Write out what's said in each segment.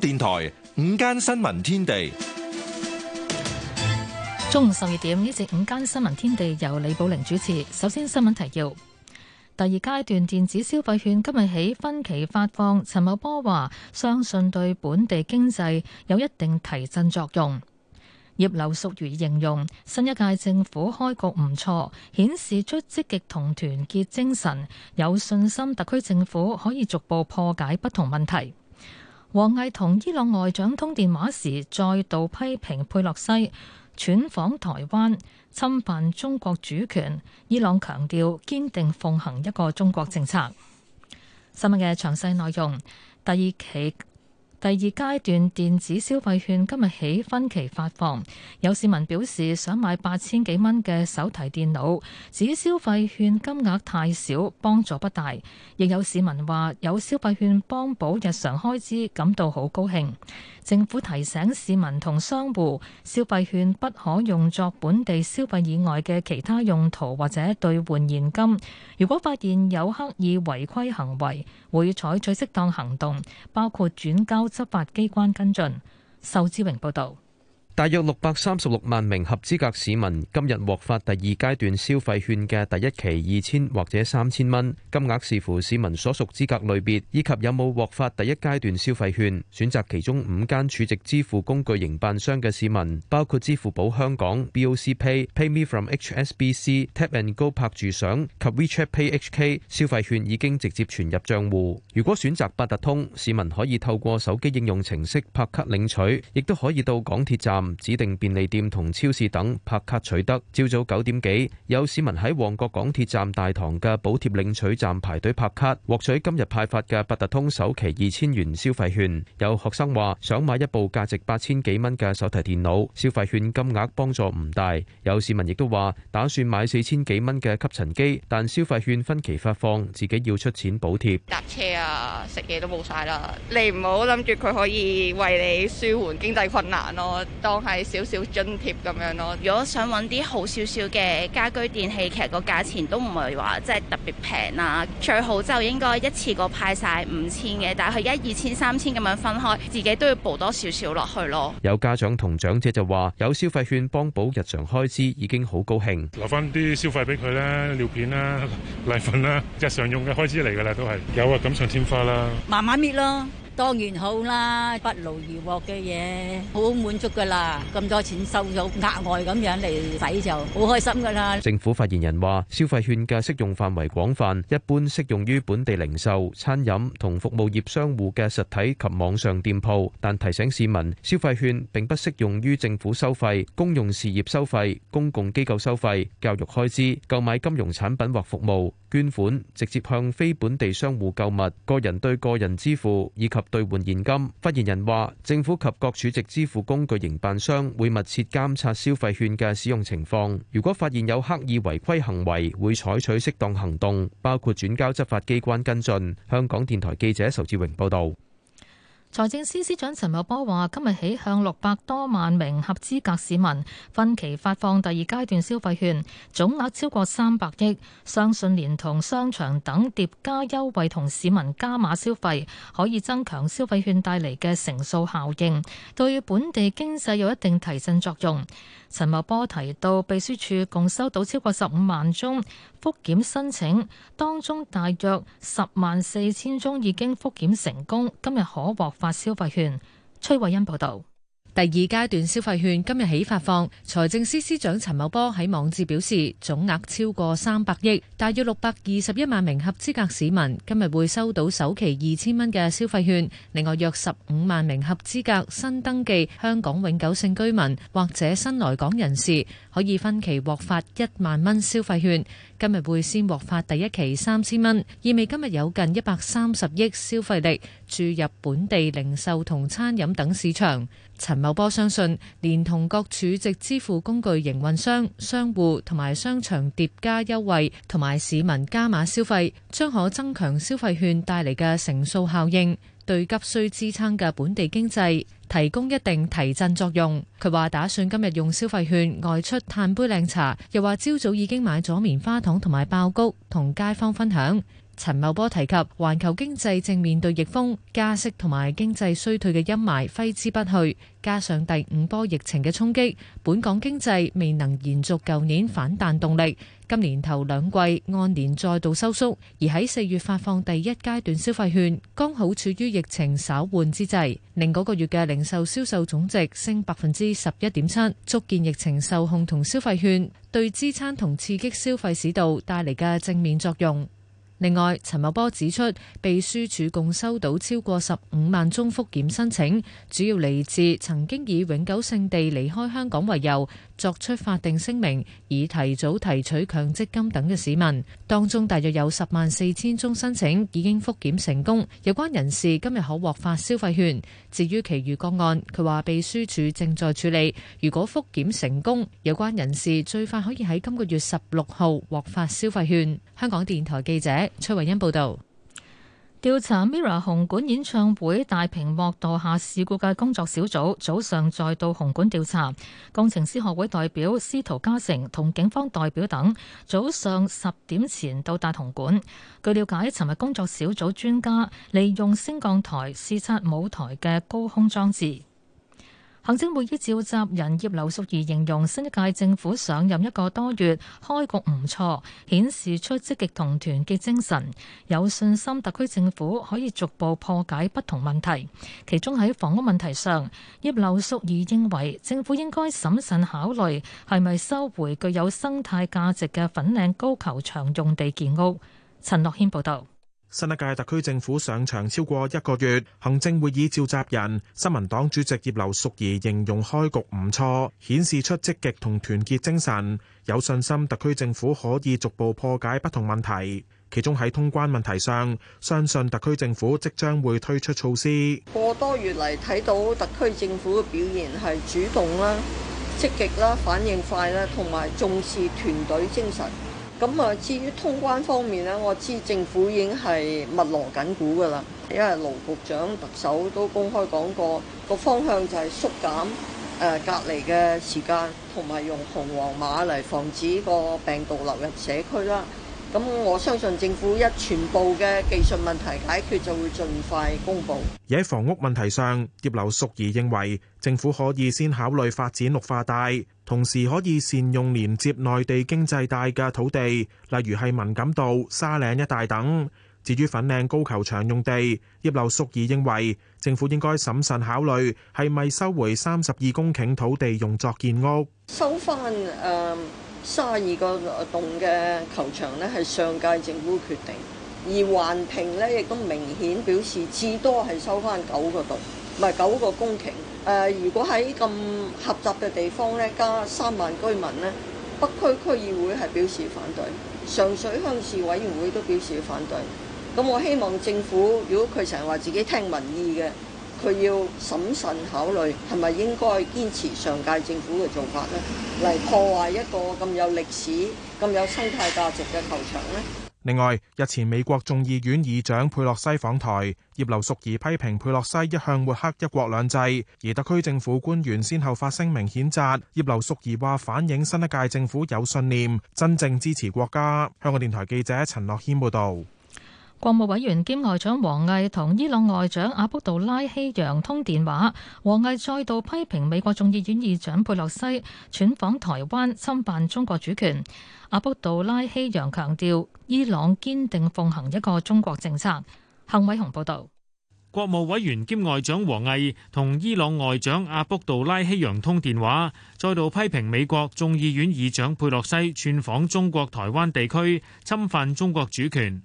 電台午間新聞天地，中午十二點，呢節午間新聞天地由李寶玲主持。首先，新聞提要：第二階段電子消費券今日起分期發放。陳茂波話，相信對本地經濟有一定提振作用。葉劉淑儀形容新一屆政府開局唔錯，顯示出積極同團結精神，有信心特區政府可以逐步破解不同問題。王毅同伊朗外長通電話時，再度批評佩洛西竄訪台灣，侵犯中國主權。伊朗強調堅定奉行一個中國政策。新聞嘅詳細內容，第二期。第二階段電子消費券今日起分期發放，有市民表示想買八千幾蚊嘅手提電腦，指消費券金額太少，幫助不大。亦有市民話有消費券幫補日常開支，感到好高興。政府提醒市民同商戶，消費券不可用作本地消費以外嘅其他用途或者兌換現金。如果發現有刻意違規行為，會採取適當行動，包括轉交。執法機關跟進，仇志榮報道。大約六百三十六萬名合資格市民今日獲發第二階段消費券嘅第一期二千或者三千蚊，金額視乎市民所屬資格類別，以及有冇獲發第一階段消費券。選擇其中五間儲值支付工具營辦商嘅市民，包括支付寶香港、B O C Pay、Pay Me From H S B C、Tap and Go 拍住賞及 WeChat Pay H K，消費券已經直接存入帳戶。如果選擇八達通，市民可以透過手機應用程式拍卡領取，亦都可以到港鐵站。指定便利店同超市等拍卡取得。朝早九點幾，有市民喺旺角港鐵站大堂嘅補貼領取站排隊拍卡，獲取今日派發嘅八達通首期二千元消費券。有學生話想買一部價值八千幾蚊嘅手提電腦，消費券金額幫助唔大。有市民亦都話打算買四千幾蚊嘅吸塵機，但消費券分期發放，自己要出錢補貼。搭車啊，食嘢都冇晒啦，你唔好諗住佢可以為你舒緩經濟困難咯。當係少少津貼咁樣咯。如果想揾啲好少少嘅家居電器，其實個價錢都唔係話即係特別平啦。最好就應該一次過派晒五千嘅，但係佢一、二千、三千咁樣分開，自己都要補多少少落去咯。有家長同長者就話：有消費券幫補日常開支已經好高興，留翻啲消費俾佢啦，尿片啦、奶粉啦，日常用嘅開支嚟噶啦都係。有啊，錦上添花啦。慢慢搣咯。當然好啦，不勞而獲嘅嘢，好滿足噶啦。咁多錢收咗額外咁樣嚟使就好開心噶啦。政府發言人話：消費券嘅適用範圍廣泛，一般適用於本地零售、餐飲同服務業商戶嘅實體及網上店鋪。但提醒市民，消費券並不適用於政府收費、公用事業收費、公共機構收費、教育開支、購買金融產品或服務。捐款、直接向非本地商戶購物、個人對個人支付以及兌換現金。發言人話，政府及各儲值支付工具營辦商會密切監察消費券嘅使用情況，如果發現有刻意違規行為會採取適當行動，包括轉交執法機關跟進。香港電台記者仇志榮報道。財政司司長陳茂波話：今日起向六百多萬名合資格市民分期發放第二階段消費券，總額超過三百億。相信連同商場等疊加優惠同市民加碼消費，可以增強消費券帶嚟嘅乘數效應，對本地經濟有一定提振作用。陳茂波提到，秘書處共收到超過十五萬宗複檢申請，當中大約十萬四千宗已經複檢成功，今日可獲發消費券。崔慧欣報道。第二階段消費券今日起發放，財政司司長陳茂波喺網誌表示，總額超過三百億，大約六百二十一萬名合資格市民今日會收到首期二千蚊嘅消費券，另外約十五萬名合資格新登記香港永久性居民或者新來港人士可以分期獲發一萬蚊消費券。今日會先獲發第一期三千蚊，意味今日有近一百三十億消費力注入本地零售同餐飲等市場。陳茂波相信，連同各儲值支付工具營運商、商戶同埋商場疊加優惠同埋市民加碼消費，將可增強消費券帶嚟嘅乘數效應，對急需支撐嘅本地經濟提供一定提振作用。佢話打算今日用消費券外出嘆杯靚茶，又話朝早已經買咗棉花糖同埋爆谷，同街坊分享。陳茂波提及，環球經濟正面對逆風、加息同埋經濟衰退嘅陰霾揮之不去，加上第五波疫情嘅衝擊，本港經濟未能延續舊年反彈動力。今年頭兩季按年再度收縮，而喺四月發放第一階段消費券，剛好處於疫情稍緩之際，令嗰個月嘅零售銷售總值升百分之十一點七，足見疫情受控同消費券對支撐同刺激消費市道帶嚟嘅正面作用。另外，陳茂波指出，秘書處共收到超過十五萬宗覆檢申請，主要嚟自曾經以永久性地離開香港為由作出法定聲明，以提早提取強積金等嘅市民。當中大約有十萬四千宗申請已經覆檢成功，有關人士今日可獲發消費券。至於其餘個案，佢話秘書處正在處理。如果覆檢成功，有關人士最快可以喺今個月十六號獲發消費券。香港電台記者崔慧欣報導。調查 Mirror 紅館演唱會大屏幕墮下事故嘅工作小組早上再到紅館調查，工程師學會代表司徒嘉誠同警方代表等早上十點前到達紅館。據了解，尋日工作小組專家利用升降台視察舞台嘅高空裝置。行政會議召集人葉劉淑儀形容新一屆政府上任一個多月，開局唔錯，顯示出積極同團結精神，有信心特區政府可以逐步破解不同問題。其中喺房屋問題上，葉劉淑儀認為政府應該審慎考慮係咪收回具有生態價值嘅粉嶺高球場用地建屋。陳諾軒報導。新一屆特區政府上場，超過一個月，行政會議召集人、新民黨主席葉劉淑儀形容開局唔錯，顯示出積極同團結精神，有信心特區政府可以逐步破解不同問題。其中喺通關問題上，相信特區政府即將會推出措施。個多月嚟睇到特區政府嘅表現係主動啦、積極啦、反應快啦，同埋重視團隊精神。咁啊，至於通關方面咧，我知政府已經係密鑼緊鼓噶啦，因為盧局長、特首都公開講過個方向就係縮減誒隔離嘅時間，同埋用紅黃碼嚟防止個病毒流入社區啦。咁我相信政府一全部嘅技術問題解決就會盡快公布。而喺房屋問題上，葉劉淑儀認為，政府可以先考慮發展綠化帶，同時可以善用連接內地經濟帶嘅土地，例如係文錦渡、沙嶺一帶等。至於粉嶺高球場用地，葉劉淑儀認為政府應該審慎考慮係咪收回三十二公頃土地用作建屋。收翻誒三十二個洞嘅球場咧，係上屆政府決定，而環評咧亦都明顯表示至多係收翻九個洞。唔係九個公頃，誒、呃、如果喺咁狹窄嘅地方咧，加三萬居民咧，北區區議會係表示反對，上水鄉事委員會都表示反對。咁我希望政府如果佢成日話自己聽民意嘅，佢要審慎考慮，係咪應該堅持上屆政府嘅做法咧，嚟破壞一個咁有歷史、咁有生態價值嘅球場咧？另外，日前美國眾議院議長佩洛西訪台，葉劉淑儀批評佩洛西一向抹黑一國兩制，而特區政府官員先後發聲明譴責。葉劉淑儀話反映新一屆政府有信念，真正支持國家。香港電台記者陳樂軒報導。國務委員兼外長王毅同伊朗外長阿卜杜拉希揚通電話，王毅再度批評美國眾議院議長佩洛西竄訪台灣，侵犯中國主權。阿卜杜拉希揚強調，伊朗堅定奉行一個中國政策。幸偉雄報道，國務委員兼外長王毅同伊朗外長阿卜杜拉希揚通電話，再度批評美國眾議院議長佩洛西竄訪中國台灣地區，侵犯中國主權。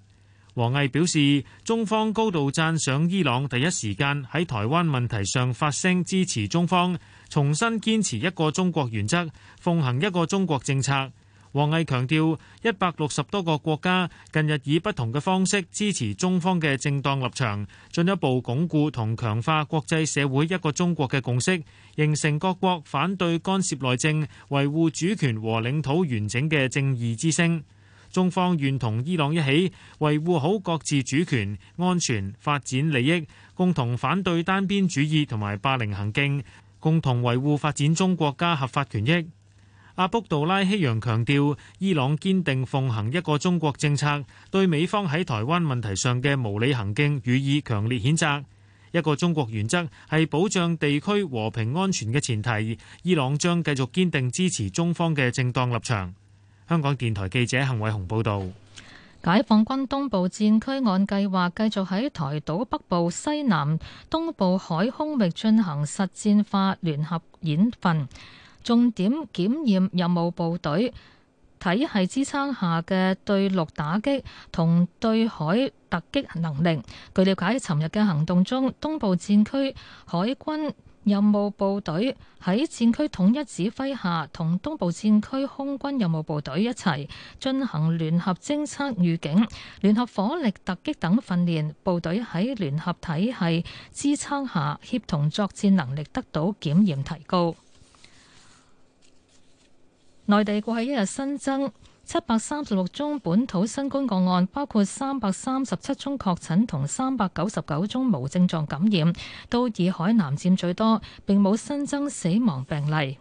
王毅表示，中方高度贊賞伊朗第一時間喺台灣問題上發聲支持中方，重新堅持一個中國原則，奉行一個中國政策。王毅強調，一百六十多個國家近日以不同嘅方式支持中方嘅正當立場，進一步鞏固同強化國際社會一個中國嘅共識，形成各國反對干涉內政、維護主權和領土完整嘅正義之聲。中方願同伊朗一起維護好各自主權、安全、發展利益，共同反對單邊主義同埋霸凌行徑，共同維護發展中國家合法權益。阿卜杜拉希揚強調，伊朗堅定奉行一個中國政策，對美方喺台灣問題上嘅無理行徑予以強烈譴責。一個中國原則係保障地區和平安全嘅前提，伊朗將繼續堅定支持中方嘅正當立場。香港電台記者邢偉雄報道，解放軍東部戰區按計劃繼續喺台島北部、西南、東部海空域進行實戰化聯合演訓，重點檢驗任務部隊體系支撐下嘅對陸打擊同對海突擊能力。據了解，尋日嘅行動中，東部戰區海軍。任務部隊喺戰區統一指揮下，同東部戰區空軍任務部隊一齊進行聯合偵測預警、聯合火力突擊等訓練，部隊喺聯合體系支撐下，協同作戰能力得到檢驗提高。內地過去一日新增七百三十六宗本土新冠個案，包括三百三十七宗確診同三百九十九宗無症狀感染，都以海南佔最多。並冇新增死亡病例。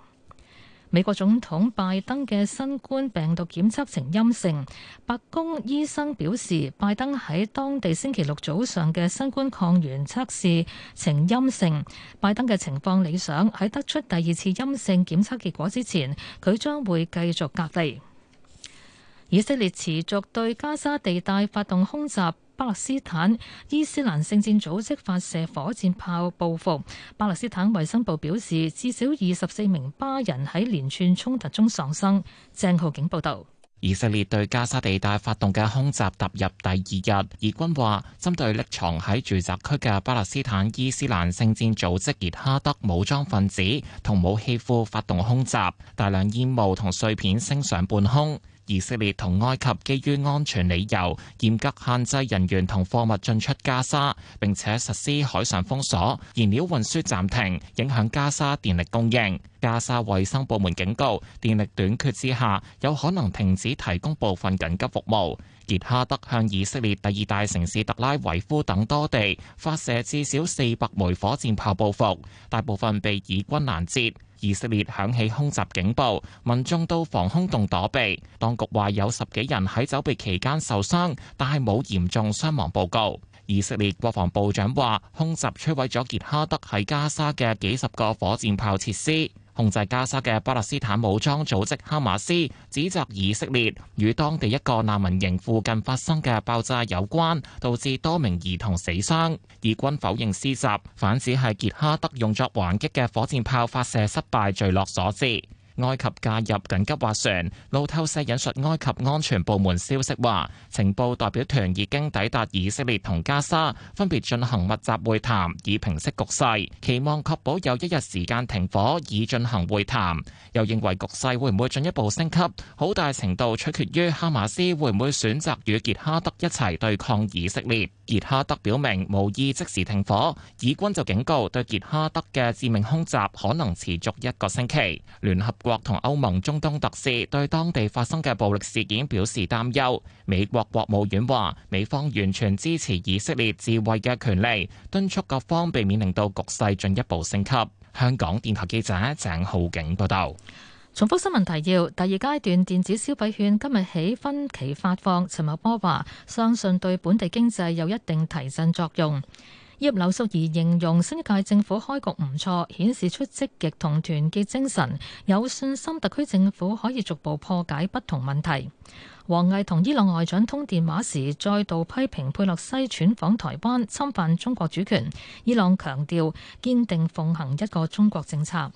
美國總統拜登嘅新冠病毒檢測呈陰性。白宮醫生表示，拜登喺當地星期六早上嘅新冠抗原測試呈陰性。拜登嘅情況理想，喺得出第二次陰性檢測結果之前，佢將會繼續隔離。以色列持續對加沙地帶發動空襲，巴勒斯坦伊斯蘭聖戰組織發射火箭炮報復。巴勒斯坦衛生部表示，至少二十四名巴人喺連串衝突中喪生。鄭浩景報道：以色列對加沙地帶發動嘅空襲踏入第二日，以軍話針對匿藏喺住宅區嘅巴勒斯坦伊斯蘭聖戰組織傑哈德武裝分子同武器庫發動空襲，大量煙霧同碎片升上半空。以色列同埃及基於安全理由，嚴格限制人員同貨物進出加沙，並且實施海上封鎖、燃料運輸暫停，影響加沙電力供應。加沙衛生部門警告，電力短缺之下，有可能停止提供部分緊急服務。傑哈德向以色列第二大城市特拉維夫等多地發射至少四百枚火箭炮報復，大部分被以軍攔截。以色列響起空襲警報，民眾到防空洞躲避。當局話有十幾人喺走避期間受傷，但係冇嚴重傷亡報告。以色列國防部長話，空襲摧毀咗傑哈德喺加沙嘅幾十個火箭炮設施。控制加沙嘅巴勒斯坦武裝組織哈馬斯指責以色列與當地一個難民營附近發生嘅爆炸有關，導致多名兒童死傷。以軍否認施襲，反指係傑哈德用作還擊嘅火箭炮發射失敗墜落所致。埃及介入緊急斡旋。路透社引述埃及安全部門消息話，情報代表團已經抵達以色列同加沙，分別進行密集會談，以平息局勢，期望確保有一日時間停火以進行會談。又認為局勢會唔會進一步升級，好大程度取決於哈馬斯會唔會選擇與傑哈德一齊對抗以色列。傑哈德表明無意即時停火，以軍就警告對傑哈德嘅致命空襲可能持續一個星期。聯合國同歐盟中東特使對當地發生嘅暴力事件表示擔憂。美國國務院話，美方完全支持以色列自衛嘅權利，敦促各方避免令到局勢進一步升級。香港電台記者鄭浩景報道。重複新聞提要：第二階段電子消費券今日起分期發放。陳茂波話，相信對本地經濟有一定提振作用。葉劉淑儀形容新一屆政府開局唔錯，顯示出積極同團結精神，有信心特區政府可以逐步破解不同問題。王毅同伊朗外長通電話時再度批評佩洛西竄訪台灣侵犯中國主權，伊朗強調堅定奉行一個中國政策。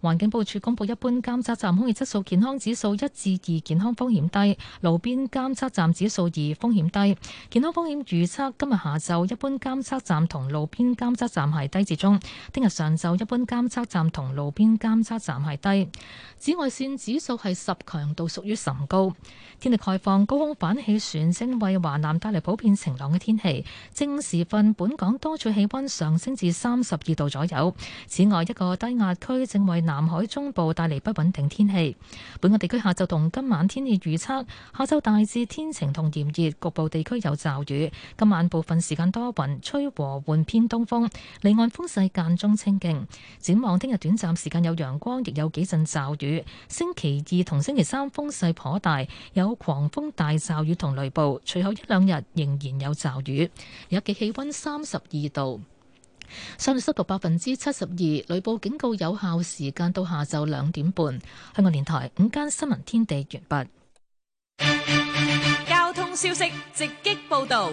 環境部署公布一般監測站空氣質素健康指數一至二，健康風險低；路邊監測站指數二，風險低。健康風險預測，今日下晝一般監測站同路邊監測站係低至中，聽日上晝一般監測站同路邊監測站係低。紫外線指數係十，強度屬於甚高。天氣開放，高空反氣旋正為華南帶嚟普遍晴朗嘅天氣。正時分，本港多處氣溫上升至三十二度左右。此外，一個低壓區正為南海中部帶嚟不穩定天氣。本港地區下晝同今晚天氣預測：下晝大致天晴同炎熱，局部地區有驟雨。今晚部分時間多雲，吹和緩偏東風，離岸風勢間中清勁。展望聽日短暫時間有陽光，亦有幾陣驟雨。星期二同星期三風勢頗大，有狂風大驟雨同雷暴，隨後一兩日仍然有驟雨。日記氣温三十二度。相對濕度百分之七十二，雷暴警告有效時間到下晝兩點半。香港電台午間新聞天地完畢。交通消息直擊報道。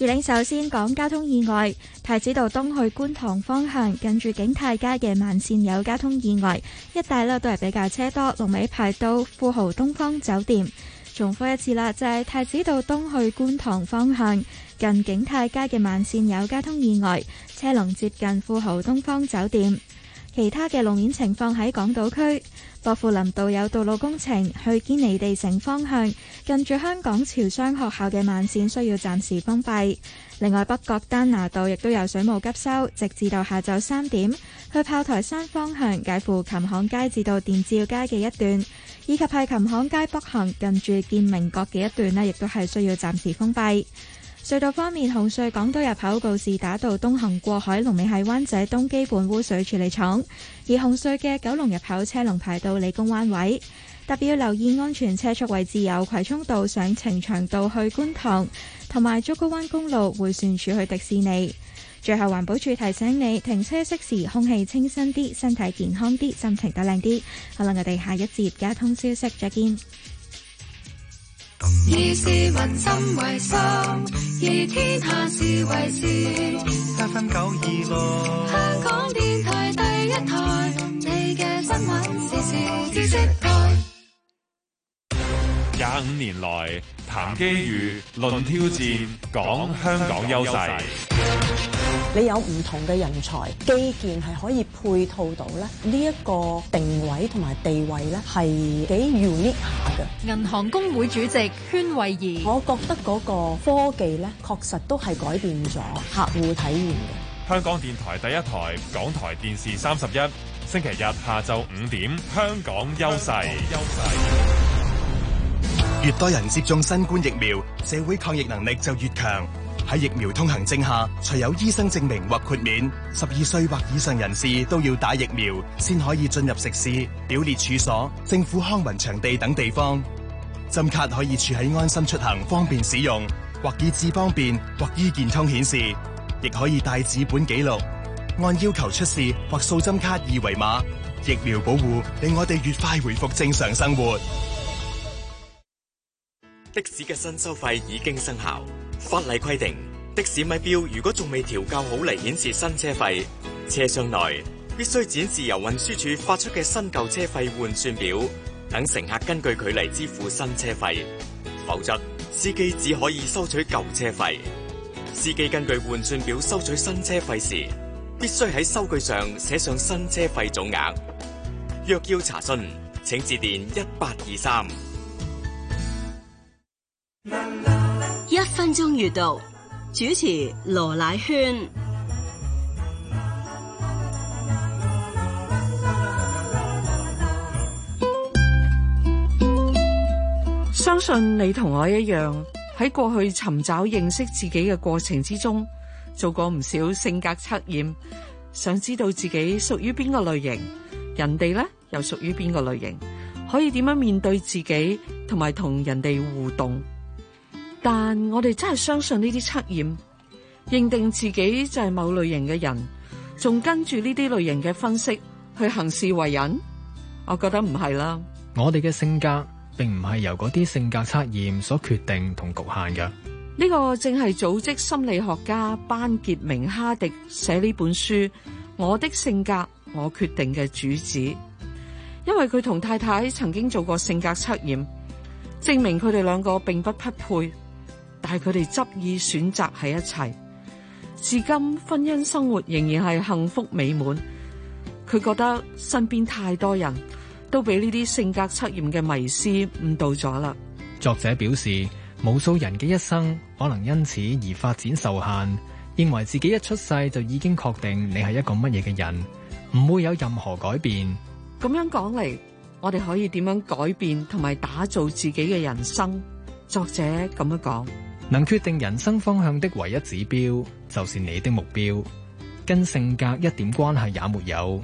二零首先講交通意外，太子道東去觀塘方向近住景泰街嘅慢線有交通意外，一帶咧都係比較車多，龍尾排到富豪東方酒店。重複一次啦，就係太子道東去觀塘方向，近景泰街嘅慢線有交通意外，車龍接近富豪東方酒店。其他嘅路面情況，喺港島區薄扶林道有道路工程，去堅尼地城方向近住香港潮商學校嘅慢線需要暫時封閉。另外，北角丹拿道亦都有水務急修，直至到下晝三點去炮台山方向介乎琴行街至到電照街嘅一段，以及喺琴行街北行近住建明閣嘅一段呢亦都係需要暫時封閉。隧道方面，紅隧，港島入口告士打道東行過海，龍尾喺灣仔東基本污水處理廠；而紅隧嘅九龍入口車龍排到理工灣位。特別要留意安全車速位置有葵涌道上呈祥道去觀塘，同埋竹篙灣公路迴旋處去迪士尼。最後，環保署提醒你停車熄匙，空氣清新啲，身體健康啲，心情都靚啲。好啦，我哋下一節交通消息再見。以市民心為心，以天下事為事。八分九二六，香港電台第一台，你嘅新聞時事知識台。廿五年來談機遇，論挑戰，講香港優勢。你有唔同嘅人才基建係可以配套到咧？呢、這、一個定位同埋地位咧係幾 unique 下嘅。銀行公會主席禤惠儀，我覺得嗰個科技咧確實都係改變咗客戶體驗嘅。香港電台第一台，港台電視三十一，星期日下晝五點，香港優勢，優勢香港。優勢越多人接種新冠疫苗，社會抗疫能力就越強。喺疫苗通行證下，除有醫生證明或豁免，十二歲或以上人士都要打疫苗，先可以進入食肆、表列處所、政府康文場地等地方。針卡可以儲喺安心出行，方便使用，或以智方便，或醫健通顯示，亦可以帶紙本記錄，按要求出示或掃針卡二維碼。疫苗保護令我哋越快回復正常生活。的士嘅新收費已經生效。法例規定，的士咪表如果仲未調校好嚟顯示新車費，車廂內必須展示由運輸署發出嘅新舊車費換算表，等乘客根據佢嚟支付新車費。否則，司機只可以收取舊車費。司機根據換算表收取新車費時，必須喺收據上寫上新車費總額。若要查詢，請致電一八二三。中閱讀主持羅乃軒，相信你同我一樣喺過去尋找認識自己嘅過程之中，做過唔少性格測驗，想知道自己屬於邊個類型，人哋呢又屬於邊個類型，可以點樣面對自己，同埋同人哋互動。但我哋真係相信呢啲測驗，認定自己就係某類型嘅人，仲跟住呢啲類型嘅分析去行事為人，我覺得唔係啦。我哋嘅性格並唔係由嗰啲性格測驗所決定同局限嘅。呢個正係組織心理學家班傑明哈迪寫呢本書《我的性格，我決定》嘅主旨，因為佢同太太曾經做過性格測驗，證明佢哋兩個並不匹配。但係佢哋執意選擇喺一齊，至今婚姻生活仍然係幸福美滿。佢覺得身邊太多人都俾呢啲性格測驗嘅迷思誤導咗啦。作者表示，無數人嘅一生可能因此而發展受限，認為自己一出世就已經確定你係一個乜嘢嘅人，唔會有任何改變。咁樣講嚟，我哋可以點樣改變同埋打造自己嘅人生？作者咁樣講。能決定人生方向的唯一指標就是你的目標，跟性格一點關係也沒有。